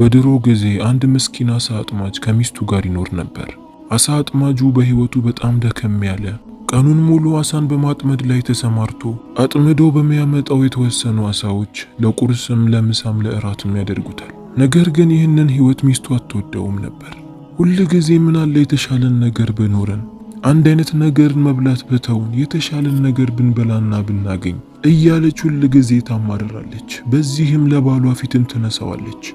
በድሮ ጊዜ አንድ ምስኪን አሳ አጥማጅ ከሚስቱ ጋር ይኖር ነበር። አሳ አጥማጁ በሕይወቱ በጣም ደከም ያለ፣ ቀኑን ሙሉ አሳን በማጥመድ ላይ ተሰማርቶ አጥምዶ በሚያመጣው የተወሰኑ አሳዎች ለቁርስም ለምሳም ለእራትም ያደርጉታል። ነገር ግን ይህንን ሕይወት ሚስቱ አትወደውም ነበር። ሁል ጊዜ ምናለ የተሻለን ነገር በኖረን አንድ አይነት ነገርን መብላት በተውን የተሻለን ነገር ብንበላና ብናገኝ እያለች ሁል ጊዜ ታማርራለች። በዚህም ለባሏ ፊትን ትነሳዋለች።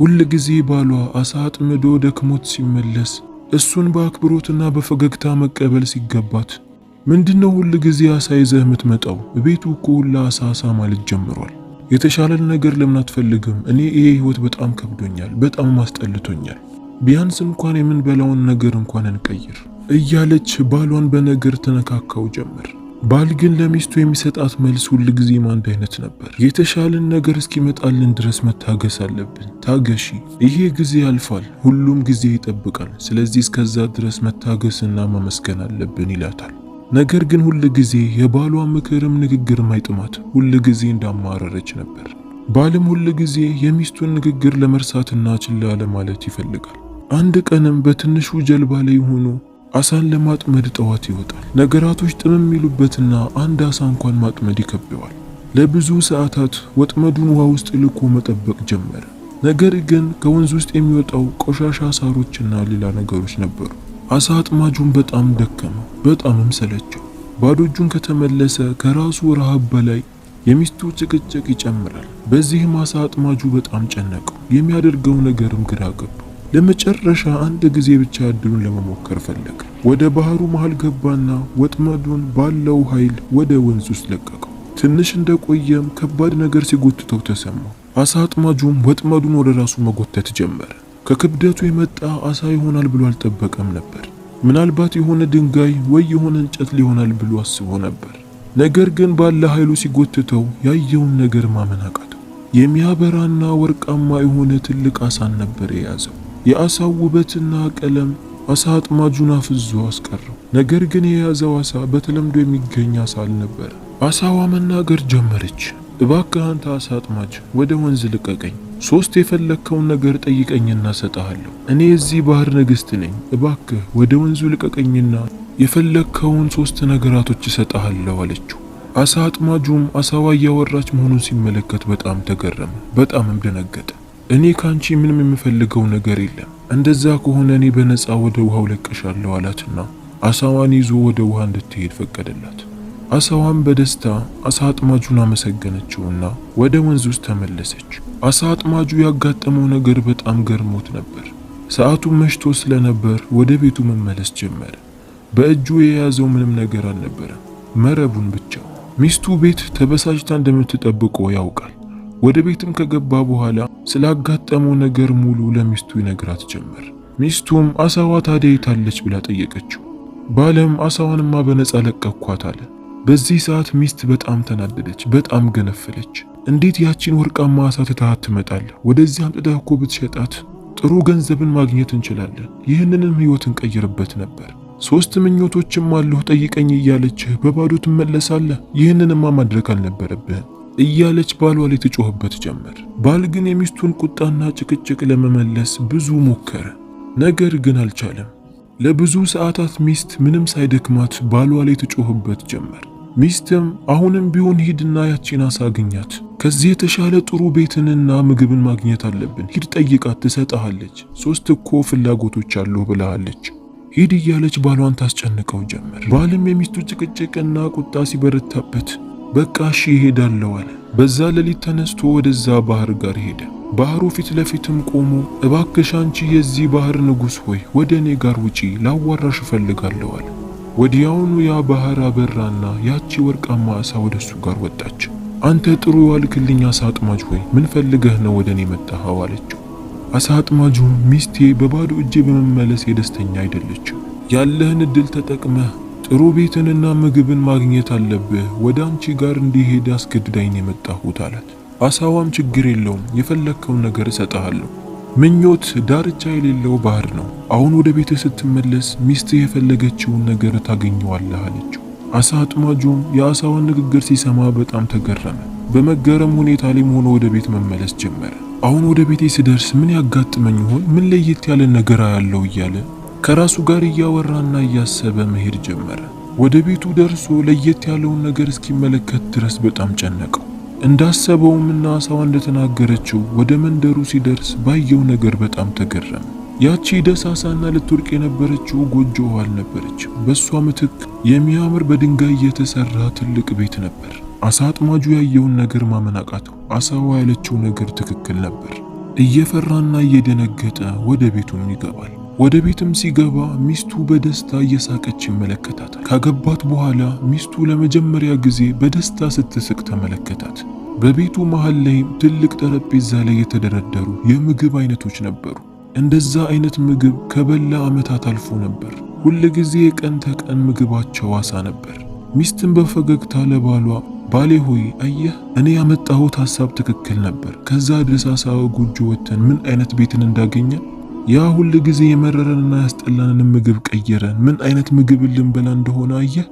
ሁል ጊዜ ባሏ አሳ አጥምዶ ደክሞት ሲመለስ እሱን በአክብሮትና በፈገግታ መቀበል ሲገባት ምንድነው ሁል ጊዜ አሳ ይዘህ የምትመጣው? ቤቱ እኮ ሁላ አሳ አሳ ማለት ጀምሯል። የተሻለን ነገር ለምን አትፈልግም? እኔ ይሄ ህይወት በጣም ከብዶኛል፣ በጣም ማስጠልቶኛል። ቢያንስ እንኳን የምንበላውን ነገር እንኳን እንቀይር እያለች ባሏን በነገር ትነካካው ጀመር። ባል ግን ለሚስቱ የሚሰጣት መልስ ሁል ጊዜ አንድ አይነት ነበር። የተሻለን ነገር እስኪመጣልን ድረስ መታገስ አለብን። ታገሺ፣ ይሄ ጊዜ ያልፋል፣ ሁሉም ጊዜ ይጠብቃል። ስለዚህ እስከዛ ድረስ መታገስና ማመስገን አለብን ይላታል። ነገር ግን ሁል ጊዜ የባሏ ምክርም ንግግር ማይጥማት ሁል ጊዜ እንዳማረረች ነበር። ባልም ሁል ጊዜ የሚስቱን ንግግር ለመርሳትና ችላ ለማለት ይፈልጋል። አንድ ቀንም በትንሹ ጀልባ ላይ ሆኖ አሳን ለማጥመድ ጠዋት ይወጣል። ነገራቶች ጥምም የሚሉበትና አንድ አሳ እንኳን ማጥመድ ይከብደዋል። ለብዙ ሰዓታት ወጥመዱን ውሃ ውስጥ ልኮ መጠበቅ ጀመረ። ነገር ግን ከወንዝ ውስጥ የሚወጣው ቆሻሻ ሳሮችና ሌላ ነገሮች ነበሩ። አሳ አጥማጁን በጣም ደከመ፣ በጣምም ሰለቸው። ባዶ እጁን ከተመለሰ ከራሱ ረሃብ በላይ የሚስቱ ጭቅጭቅ ይጨምራል። በዚህም አሳ አጥማጁ በጣም ጨነቀው። የሚያደርገው ነገርም ግራ ገባ። ለመጨረሻ አንድ ጊዜ ብቻ እድሉን ለመሞከር ፈለገ። ወደ ባህሩ መሃል ገባና ወጥመዱን ባለው ኃይል ወደ ወንዝ ውስጥ ለቀቀው። ትንሽ እንደቆየም ከባድ ነገር ሲጎትተው ተሰማው። አሳ አጥማጁም ወጥመዱን ወደ ራሱ መጎተት ጀመረ። ከክብደቱ የመጣ አሳ ይሆናል ብሎ አልጠበቀም ነበር። ምናልባት የሆነ ድንጋይ ወይ የሆነ እንጨት ሊሆናል ብሎ አስቦ ነበር። ነገር ግን ባለ ኃይሉ ሲጎትተው ያየውን ነገር ማመን አቃተው። የሚያበራና ወርቃማ የሆነ ትልቅ አሳን ነበር የያዘው። የአሳው ውበትና ቀለም አሳ አጥማጁን አፍዞ አስቀረው። ነገር ግን የያዘው አሳ በተለምዶ የሚገኝ አሳ አልነበረ። አሳዋ መናገር ጀመረች። እባክህ አንተ አሳ አጥማጅ ወደ ወንዝ ልቀቀኝ። ሶስት የፈለግከውን ነገር ጠይቀኝና ሰጠሃለሁ። እኔ የዚህ ባህር ንግሥት ነኝ። እባክህ ወደ ወንዙ ልቀቀኝና የፈለግከውን ሶስት ነገራቶች እሰጠሃለሁ አለችው። አሳ አጥማጁም አሳዋ እያወራች መሆኑን ሲመለከት በጣም ተገረመ፣ በጣምም ደነገጠ። እኔ ካንቺ ምንም የምፈልገው ነገር የለም፣ እንደዛ ከሆነ እኔ በነፃ ወደ ውሃው ለቀሻለሁ አላትና አሳዋን ይዞ ወደ ውሃ እንድትሄድ ፈቀደላት። አሳዋን በደስታ አሳ አጥማጁን አመሰገነችውና ወደ ወንዝ ውስጥ ተመለሰች። አሳ አጥማጁ ያጋጠመው ነገር በጣም ገርሞት ነበር። ሰዓቱ መሽቶ ስለነበር ወደ ቤቱ መመለስ ጀመረ። በእጁ የያዘው ምንም ነገር አልነበረም፣ መረቡን ብቻ። ሚስቱ ቤት ተበሳጭታ እንደምትጠብቆ ያውቃል። ወደ ቤትም ከገባ በኋላ ስላጋጠመው ነገር ሙሉ ለሚስቱ ይነግራት ጀመር። ሚስቱም አሳዋ ታዲያ የታለች ብላ ጠየቀችው። ባለም አሳዋንማ በነፃ ለቀኳት አለ። በዚህ ሰዓት ሚስት በጣም ተናደደች፣ በጣም ገነፈለች። እንዴት ያቺን ወርቃማ አሳ ትተሃት ትመጣለህ? ወደዚህ አምጥተህ እኮ ብትሸጣት ጥሩ ገንዘብን ማግኘት እንችላለን። ይህንንም ህይወት እንቀይርበት ነበር። ሶስት ምኞቶችም አሉህ ጠይቀኝ እያለችህ በባዶ ትመለሳለህ። ይህንንማ ማድረግ አልነበረብህም። እያለች ባሏ ላይ ትጮህበት ጀመር። ባል ግን የሚስቱን ቁጣና ጭቅጭቅ ለመመለስ ብዙ ሞከረ፣ ነገር ግን አልቻለም። ለብዙ ሰዓታት ሚስት ምንም ሳይደክማት ባሏ ላይ ትጮህበት ጀመር። ሚስትም አሁንም ቢሆን ሂድና ያቺን አሳግኛት፣ ከዚህ የተሻለ ጥሩ ቤትንና ምግብን ማግኘት አለብን፣ ሂድ ጠይቃት ትሰጥሃለች፣ ሶስት እኮ ፍላጎቶች አሉ ብለሃለች ሂድ እያለች ባሏን ታስጨንቀው ጀመር። ባልም የሚስቱ ጭቅጭቅና ቁጣ ሲበረታበት በቃ እሺ ይሄዳለው አለ። በዛ ሌሊት ተነስቶ ወደዛ ባህር ጋር ሄደ። ባህሩ ፊት ለፊትም ቆሞ እባክሽ አንቺ የዚህ ባህር ንጉሥ ሆይ ወደ እኔ ጋር ውጪ ላዋራሽ እፈልጋለሁ አለ። ወዲያውኑ ያ ባህር አበራና ያቺ ወርቃማ ዓሣ ወደሱ ጋር ወጣች። አንተ ጥሩ ዋልክልኝ አሳ አጥማጅ ሆይ ምን ፈልገህ ነው ወደ እኔ መጣኸው? አለችው። አሳ አጥማጁም ሚስቴ በባዶ እጄ በመመለስ የደስተኛ አይደለችም። ያለህን እድል ተጠቅመህ ጥሩ ቤትንና ምግብን ማግኘት አለብህ። ወደ አንቺ ጋር እንዲሄድ አስገድዳኝ የመጣሁት አላት። አሳዋም ችግር የለውም የፈለግከውን ነገር እሰጥሃለሁ። ምኞት ዳርቻ የሌለው ባህር ነው። አሁን ወደ ቤት ስትመለስ ሚስትህ የፈለገችውን ነገር ታገኘዋለህ አለችው። አሳ አጥማጁም የአሳዋን ንግግር ሲሰማ በጣም ተገረመ። በመገረም ሁኔታ ላይም ሆኖ ወደ ቤት መመለስ ጀመረ። አሁን ወደ ቤቴ ስደርስ ምን ያጋጥመኝ ይሆን? ምን ለየት ያለ ነገር አያለው እያለ ከራሱ ጋር እያወራና እያሰበ መሄድ ጀመረ። ወደ ቤቱ ደርሶ ለየት ያለውን ነገር እስኪመለከት ድረስ በጣም ጨነቀው። እንዳሰበውም እና ሳዋ እንደተናገረችው ወደ መንደሩ ሲደርስ ባየው ነገር በጣም ተገረመ። ያቺ ደሳሳና ልትወድቅ የነበረችው ጎጆዋ አልነበረችም። በእሷ ምትክ የሚያምር በድንጋይ የተሰራ ትልቅ ቤት ነበር። አሳ አጥማጁ ያየውን ነገር ማመን አቃተው። አሳዋ ያለችው ነገር ትክክል ነበር። እየፈራና እየደነገጠ ወደ ቤቱም ይገባል። ወደ ቤትም ሲገባ ሚስቱ በደስታ እየሳቀች ይመለከታታል። ካገባት በኋላ ሚስቱ ለመጀመሪያ ጊዜ በደስታ ስትስቅ ተመለከታት። በቤቱ መሃል ላይም ትልቅ ጠረጴዛ ላይ የተደረደሩ የምግብ አይነቶች ነበሩ። እንደዛ አይነት ምግብ ከበላ ዓመታት አልፎ ነበር። ጊዜ የቀን ተቀን ምግባቸው አሳ ነበር። ሚስትን በፈገግታ ለባሏ ባሌ ሆይ አየህ፣ እኔ ያመጣሁት ሐሳብ ትክክል ነበር። ከዛ ድረስ አሳ ጎጆ ወተን ምን አይነት ቤትን እንዳገኘን ያ ሁል ጊዜ የመረረንና ያስጠላንን ምግብ ቀየረን፣ ምን አይነት ምግብ ልንበላ እንደሆነ አየህ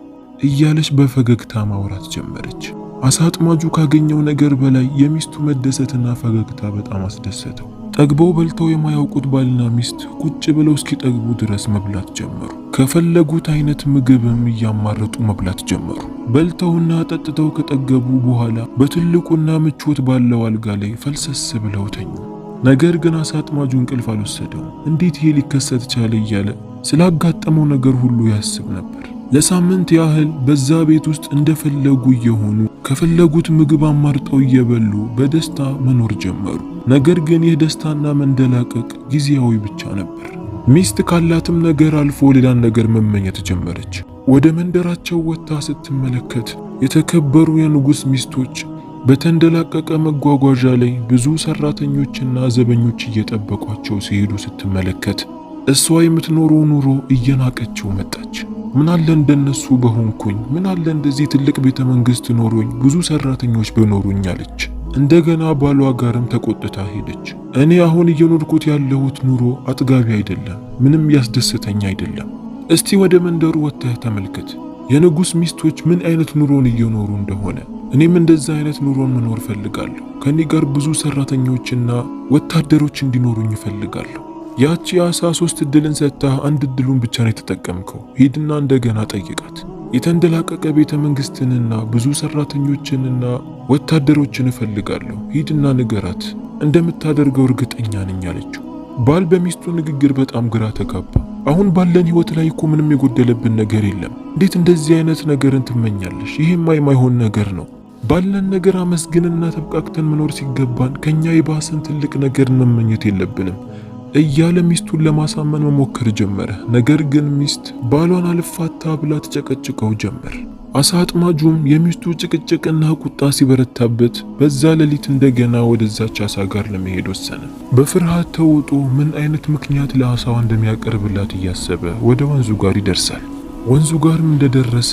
እያለች በፈገግታ ማውራት ጀመረች። አሳጥማጁ ካገኘው ነገር በላይ የሚስቱ መደሰትና ፈገግታ በጣም አስደሰተው። ጠግበው በልተው የማያውቁት ባልና ሚስት ቁጭ ብለው እስኪጠግቡ ድረስ መብላት ጀመሩ። ከፈለጉት አይነት ምግብም እያማረጡ መብላት ጀመሩ። በልተውና ጠጥተው ከጠገቡ በኋላ በትልቁና ምቾት ባለው አልጋ ላይ ፈልሰስ ብለው ተኙ። ነገር ግን አሳጥማጁ እንቅልፍ አልወሰደው። እንዴት ይሄ ሊከሰት ቻለ እያለ ስላጋጠመው ነገር ሁሉ ያስብ ነበር። ለሳምንት ያህል በዛ ቤት ውስጥ እንደፈለጉ እየሆኑ ከፈለጉት ምግብ አማርጠው እየበሉ በደስታ መኖር ጀመሩ። ነገር ግን ይህ ደስታና መንደላቀቅ ጊዜያዊ ብቻ ነበር። ሚስት ካላትም ነገር አልፎ ሌላን ነገር መመኘት ጀመረች። ወደ መንደራቸው ወጥታ ስትመለከት የተከበሩ የንጉሥ ሚስቶች በተንደላቀቀ መጓጓዣ ላይ ብዙ ሰራተኞችና ዘበኞች እየጠበቋቸው ሲሄዱ ስትመለከት እሷ የምትኖረው ኑሮ እየናቀችው መጣች። ምናለ እንደነሱ በሆንኩኝ፣ ምናለ እንደዚህ ትልቅ ቤተ መንግስት ኖሮኝ ብዙ ሰራተኞች በኖሩኝ አለች። እንደገና ባሏ ጋርም ተቆጥታ ሄደች። እኔ አሁን እየኖርኩት ያለሁት ኑሮ አጥጋቢ አይደለም፣ ምንም ያስደሰተኝ አይደለም። እስቲ ወደ መንደሩ ወጥተህ ተመልከት፣ የንጉሥ ሚስቶች ምን አይነት ኑሮን እየኖሩ እንደሆነ እኔም እንደዚህ አይነት ኑሮን መኖር እፈልጋለሁ። ከእኔ ጋር ብዙ ሰራተኞችና ወታደሮች እንዲኖሩኝ እፈልጋለሁ። ያቺ የአሳ ሶስት እድልን ሰጥታ አንድ እድሉን ብቻ ነው የተጠቀምከው። ሂድና እንደገና ጠይቃት። የተንደላቀቀ ቤተ መንግስትንና ብዙ ሰራተኞችንና ወታደሮችን እፈልጋለሁ። ሂድና ንገራት። እንደምታደርገው እርግጠኛ ነኝ አለችው። ባል በሚስቱ ንግግር በጣም ግራ ተጋባ። አሁን ባለን ህይወት ላይ እኮ ምንም የጎደለብን ነገር የለም። እንዴት እንደዚህ አይነት ነገርን ትመኛለሽ? ይሄማ የማይሆን ነገር ነው ባለን ነገር አመስግንና ተብቃቅተን መኖር ሲገባን ከኛ የባሰን ትልቅ ነገር መመኘት የለብንም እያለ ሚስቱን ለማሳመን መሞከር ጀመረ። ነገር ግን ሚስት ባሏን አልፋታ ብላ ተጨቀጭቀው ጀመር። አሳ አጥማጁም የሚስቱ ጭቅጭቅና ቁጣ ሲበረታበት በዛ ሌሊት እንደገና ወደዛች አሳ ጋር ለመሄድ ወሰነ። በፍርሃት ተውጦ ምን አይነት ምክንያት ለአሳዋ እንደሚያቀርብላት እያሰበ ወደ ወንዙ ጋር ይደርሳል። ወንዙ ጋርም እንደደረሰ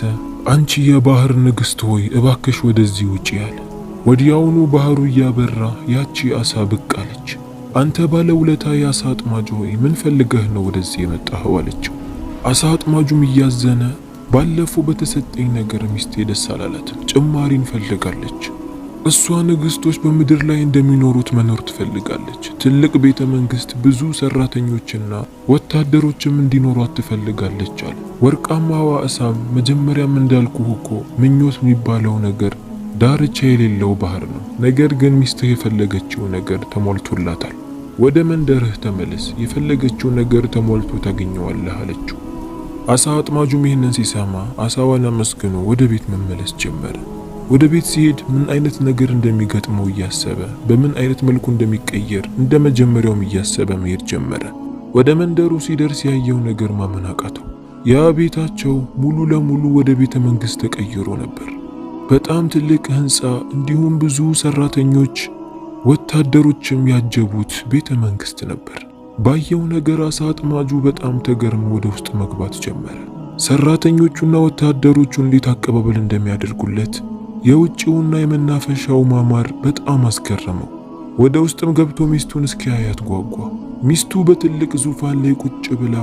አንቺ የባህር ንግሥት ሆይ እባክሽ ወደዚህ ውጪ አለ። ወዲያውኑ ባህሩ እያበራ ያቺ አሳ ብቅ አለች። አንተ ባለ ውለታ የአሳ አጥማጅ ሆይ ምን ፈልገህ ነው ወደዚህ የመጣኸው? አለችው። አሳ አጥማጁም እያዘነ ባለፈው በተሰጠኝ ነገር ሚስቴ ደስ አላላትም፣ ጭማሪን እንፈልጋለች እሷ ንግስቶች በምድር ላይ እንደሚኖሩት መኖር ትፈልጋለች። ትልቅ ቤተ መንግስት፣ ብዙ ሰራተኞችና ወታደሮችም እንዲኖሯት ትፈልጋለች አለ። ወርቃማዋ እሳም መጀመሪያም እንዳልኩ እኮ ምኞት የሚባለው ነገር ዳርቻ የሌለው ባህር ነው። ነገር ግን ሚስትህ የፈለገችው ነገር ተሞልቶላታል። ወደ መንደርህ ተመለስ፣ የፈለገችው ነገር ተሞልቶ ታገኘዋለህ አለችው። አሳ አጥማጁም ይህንን ሲሰማ አሳዋን አመስግኖ ወደ ቤት መመለስ ጀመረ። ወደ ቤት ሲሄድ ምን አይነት ነገር እንደሚገጥመው እያሰበ በምን አይነት መልኩ እንደሚቀየር እንደ መጀመሪያውም እያሰበ መሄድ ጀመረ። ወደ መንደሩ ሲደርስ ያየው ነገር ማመን አቃተው። ያ ቤታቸው ሙሉ ለሙሉ ወደ ቤተ መንግሥት ተቀይሮ ነበር። በጣም ትልቅ ሕንፃ እንዲሁም ብዙ ሰራተኞች፣ ወታደሮችም ያጀቡት ቤተ መንግሥት ነበር። ባየው ነገር አሳ አጥማጁ በጣም ተገርሞ ወደ ውስጥ መግባት ጀመረ። ሰራተኞቹና ወታደሮቹ እንዴት አቀባበል እንደሚያደርጉለት የውጭውና የመናፈሻው ማማር በጣም አስገረመው። ወደ ውስጥም ገብቶ ሚስቱን እስኪያያት ጓጓ። ሚስቱ በትልቅ ዙፋን ላይ ቁጭ ብላ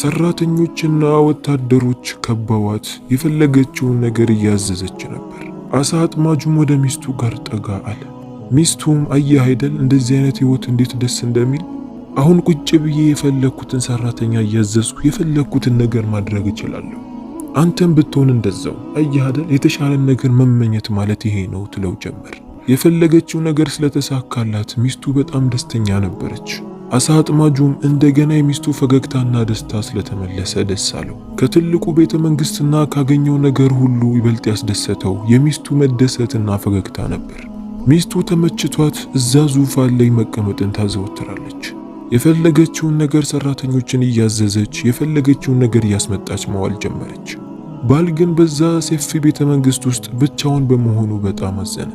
ሰራተኞችና ወታደሮች ከበዋት የፈለገችውን ነገር እያዘዘች ነበር። አሳ አጥማጁም ወደ ሚስቱ ጋር ጠጋ አለ። ሚስቱም አየህ አይደል እንደዚህ አይነት ህይወት እንዴት ደስ እንደሚል አሁን ቁጭ ብዬ የፈለግኩትን ሰራተኛ እያዘዝኩ የፈለግኩትን ነገር ማድረግ እችላለሁ። አንተም ብትሆን እንደዛው አያደል የተሻለን ነገር መመኘት ማለት ይሄ ነው ትለው ጀመር። የፈለገችው ነገር ስለተሳካላት ሚስቱ በጣም ደስተኛ ነበረች። አሳ አጥማጁም እንደገና የሚስቱ ፈገግታና ደስታ ስለተመለሰ ደስ አለው። ከትልቁ ቤተ መንግስትና ካገኘው ነገር ሁሉ ይበልጥ ያስደሰተው የሚስቱ መደሰትና ፈገግታ ነበር። ሚስቱ ተመችቷት እዛ ዙፋን ላይ መቀመጥን ታዘወትራለች። የፈለገችውን ነገር ሰራተኞችን እያዘዘች የፈለገችውን ነገር እያስመጣች መዋል ጀመረች። ባል ግን በዛ ሰፊ ቤተ መንግስት ውስጥ ብቻውን በመሆኑ በጣም አዘነ።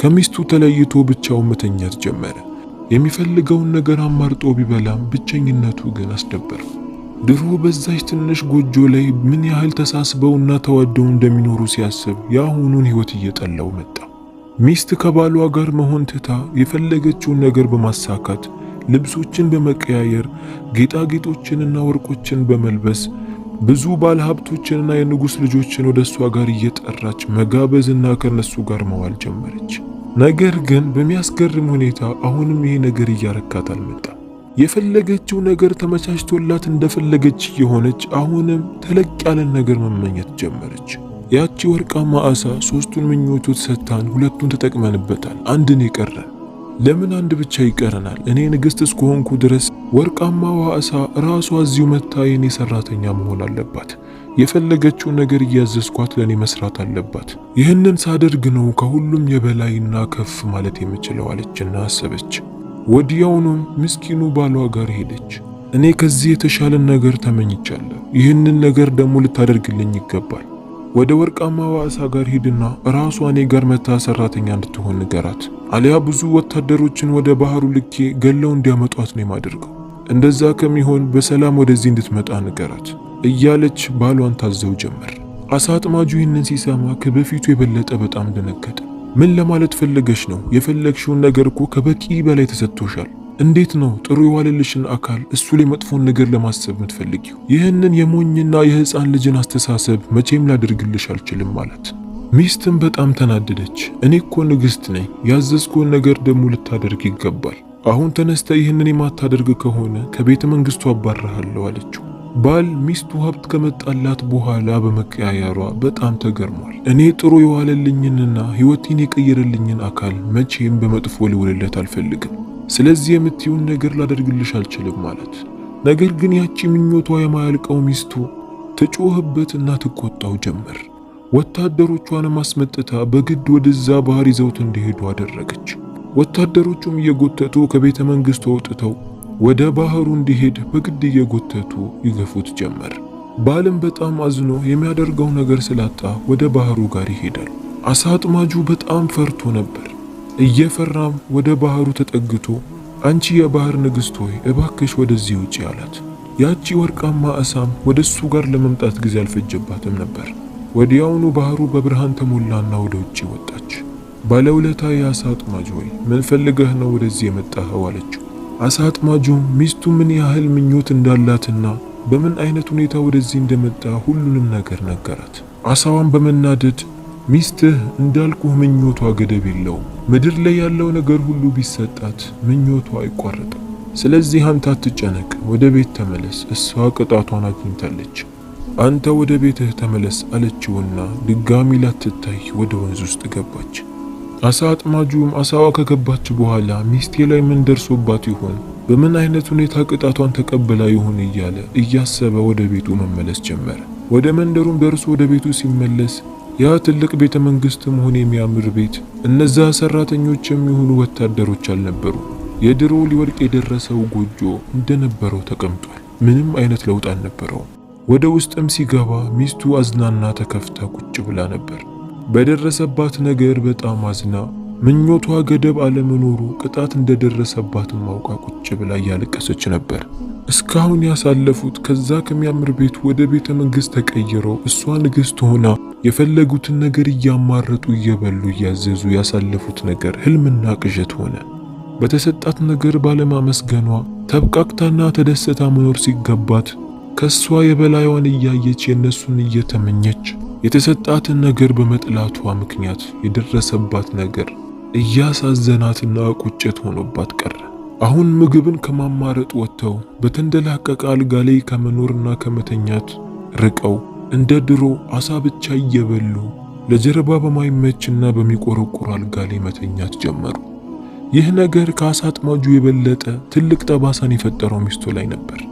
ከሚስቱ ተለይቶ ብቻውን መተኛት ጀመረ። የሚፈልገውን ነገር አማርጦ ቢበላም ብቸኝነቱ ግን አስደበረው። ድሮ በዛች ትንሽ ጎጆ ላይ ምን ያህል ተሳስበውና ተዋደው እንደሚኖሩ ሲያስብ የአሁኑን ህይወት እየጠላው መጣ። ሚስት ከባሏ ጋር መሆን ትታ የፈለገችውን ነገር በማሳካት ልብሶችን በመቀያየር ጌጣጌጦችንና ወርቆችን በመልበስ ብዙ ባለሀብቶችንና የንጉሥ ልጆችን ወደ እሷ ጋር እየጠራች መጋበዝና ከነሱ ጋር መዋል ጀመረች። ነገር ግን በሚያስገርም ሁኔታ አሁንም ይሄ ነገር እያረካት አልመጣም። የፈለገችው ነገር ተመቻችቶላት እንደፈለገች የሆነች አሁንም ተለቅ ያለን ነገር መመኘት ጀመረች። ያቺ ወርቃማ አሳ ሶስቱን ምኞቶች ሰጥታን ሁለቱን ተጠቅመንበታል፣ አንድን የቀረን። ለምን አንድ ብቻ ይቀረናል? እኔ ንግሥት እስከሆንኩ ድረስ ወርቃማዋ ዓሣ ራሷ እዚሁ መታ የኔ ሰራተኛ መሆን አለባት። የፈለገችው ነገር እያዘዝኳት ለእኔ መስራት አለባት። ይህንን ሳደርግ ነው ከሁሉም የበላይና ከፍ ማለት የምችለው አለችና አሰበች። ወዲያውኑም ምስኪኑ ባሏ ጋር ሄደች። እኔ ከዚህ የተሻለን ነገር ተመኝቻለሁ። ይህንን ነገር ደግሞ ልታደርግልኝ ይገባል ወደ ወርቃማዋ አሳ ጋር ሂድና ራሷ እኔ ጋር መታ ሰራተኛ እንድትሆን ንገራት፣ አሊያ ብዙ ወታደሮችን ወደ ባህሩ ልኬ ገለው እንዲያመጧት ነው የማደርገው። እንደዛ ከሚሆን በሰላም ወደዚህ እንድትመጣ ንገራት እያለች ባሏን ታዘው ጀመር። አሳ አጥማጁ ይህንን ሲሰማ ከበፊቱ የበለጠ በጣም ደነገጠ። ምን ለማለት ፈለገች ነው? የፈለግሽውን ነገር እኮ ከበቂ በላይ ተሰጥቶሻል እንዴት ነው ጥሩ የዋለልሽን አካል እሱ ላይ መጥፎን ነገር ለማሰብ የምትፈልጊው? ይህንን የሞኝና የህፃን ልጅን አስተሳሰብ መቼም ላደርግልሽ አልችልም ማለት። ሚስትም በጣም ተናደደች። እኔ እኮ ንግሥት ነኝ፣ ያዘዝኩን ነገር ደግሞ ልታደርግ ይገባል። አሁን ተነስተ ይህንን የማታደርግ ከሆነ ከቤተ መንግስቱ አባረሃለሁ አለችው። ባል ሚስቱ ሀብት ከመጣላት በኋላ በመቀያየሯ በጣም ተገርሟል። እኔ ጥሩ የዋለልኝንና ሕይወቴን የቀየረልኝን አካል መቼም በመጥፎ ልውልለት አልፈልግም። ስለዚህ የምትዩን ነገር ላደርግልሽ አልችልም ማለት። ነገር ግን ያቺ ምኞቷ የማያልቀው ሚስቱ ትጮህበትና ትቆጣው ጀመር። ወታደሮቿን ማስመጥታ በግድ ወደዛ ባህር ይዘውት እንዲሄዱ አደረገች። ወታደሮቹም እየጎተቱ ከቤተ መንግሥቱ ወጥተው ወደ ባህሩ እንዲሄድ በግድ እየጎተቱ ይገፉት ጀመር። ባልም በጣም አዝኖ የሚያደርገው ነገር ስላጣ ወደ ባህሩ ጋር ይሄዳል። አሳ አጥማጁ በጣም ፈርቶ ነበር። እየፈራም ወደ ባህሩ ተጠግቶ አንቺ የባህር ንግሥት ሆይ እባክሽ ወደዚህ ውጪ አላት። ያቺ ወርቃማ አሳም ወደ እሱ ጋር ለመምጣት ጊዜ አልፈጀባትም ነበር። ወዲያውኑ ባህሩ በብርሃን ተሞላና ወደ ውጪ ወጣች። ባለውለታ የአሳ አጥማጅ ሆይ ምን ፈልገህ ነው ወደዚህ የመጣኸው? አለችው። አሳ አጥማጁም ሚስቱ ምን ያህል ምኞት እንዳላትና በምን አይነት ሁኔታ ወደዚህ እንደመጣ ሁሉንም ነገር ነገራት። አሳዋን በመናደድ ሚስትህ እንዳልኩህ ምኞቷ ገደብ የለውም። ምድር ላይ ያለው ነገር ሁሉ ቢሰጣት ምኞቷ አይቋረጥም። ስለዚህ አንተ አትጨነቅ፣ ወደ ቤት ተመለስ፣ እሷ ቅጣቷን አግኝታለች። አንተ ወደ ቤትህ ተመለስ አለችውና ድጋሚ ላትታይ ወደ ወንዝ ውስጥ ገባች። አሳ አጥማጁም አሳዋ ከገባች በኋላ ሚስቴ ላይ ምን ደርሶባት ይሆን፣ በምን አይነት ሁኔታ ቅጣቷን ተቀብላ ይሆን እያለ እያሰበ ወደ ቤቱ መመለስ ጀመረ። ወደ መንደሩም ደርሶ ወደ ቤቱ ሲመለስ ያ ትልቅ ቤተ መንግስትም ሆነ የሚያምር ቤት እነዛ ሰራተኞች የሚሆኑ ወታደሮች አልነበሩ። የድሮ ሊወድቅ የደረሰው ጎጆ እንደነበረው ተቀምጧል። ምንም አይነት ለውጥ አልነበረው። ወደ ውስጥም ሲገባ ሚስቱ አዝናና ተከፍታ ቁጭ ብላ ነበር። በደረሰባት ነገር በጣም አዝና ምኞቷ ገደብ አለመኖሩ ቅጣት እንደደረሰባትም አውቃ ቁጭ ብላ እያለቀሰች ነበር። እስካሁን ያሳለፉት ከዛ ከሚያምር ቤት ወደ ቤተ መንግስት ተቀይሮ እሷ ንግስት ሆና የፈለጉትን ነገር እያማረጡ እየበሉ እያዘዙ ያሳለፉት ነገር ህልምና ቅዠት ሆነ። በተሰጣት ነገር ባለማመስገኗ ተብቃቅታና ተደስታ መኖር ሲገባት ከሷ የበላይዋን እያየች የነሱን እየተመኘች የተሰጣትን ነገር በመጥላቷ ምክንያት የደረሰባት ነገር እያሳዘናትና ቁጭት ሆኖባት ቀረ። አሁን ምግብን ከማማረጥ ወጥተው በተንደላቀቀ አልጋ ላይ ከመኖርና ከመተኛት ርቀው እንደ ድሮ አሳ ብቻ እየበሉ ለጀርባ በማይመችና በሚቆረቁር አልጋ ላይ መተኛት ጀመሩ። ይህ ነገር ከአሳ አጥማጁ የበለጠ ትልቅ ጠባሳን የፈጠረው ሚስቱ ላይ ነበር።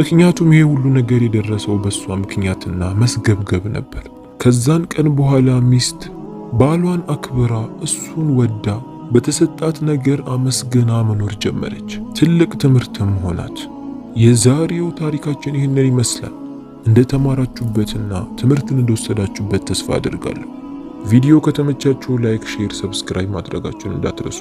ምክንያቱም ይሄ ሁሉ ነገር የደረሰው በእሷ ምክንያትና መስገብገብ ነበር። ከዛን ቀን በኋላ ሚስት ባሏን አክብራ እሱን ወዳ በተሰጣት ነገር አመስገና መኖር ጀመረች። ትልቅ ትምህርትም ሆናት። የዛሬው ታሪካችን ይህንን ይመስላል። እንደተማራችሁበትና ትምህርትን እንደወሰዳችሁበት ተስፋ አድርጋለሁ። ቪዲዮ ከተመቻችሁ ላይክ፣ ሼር፣ ሰብስክራይብ ማድረጋችሁን እንዳትረሱ።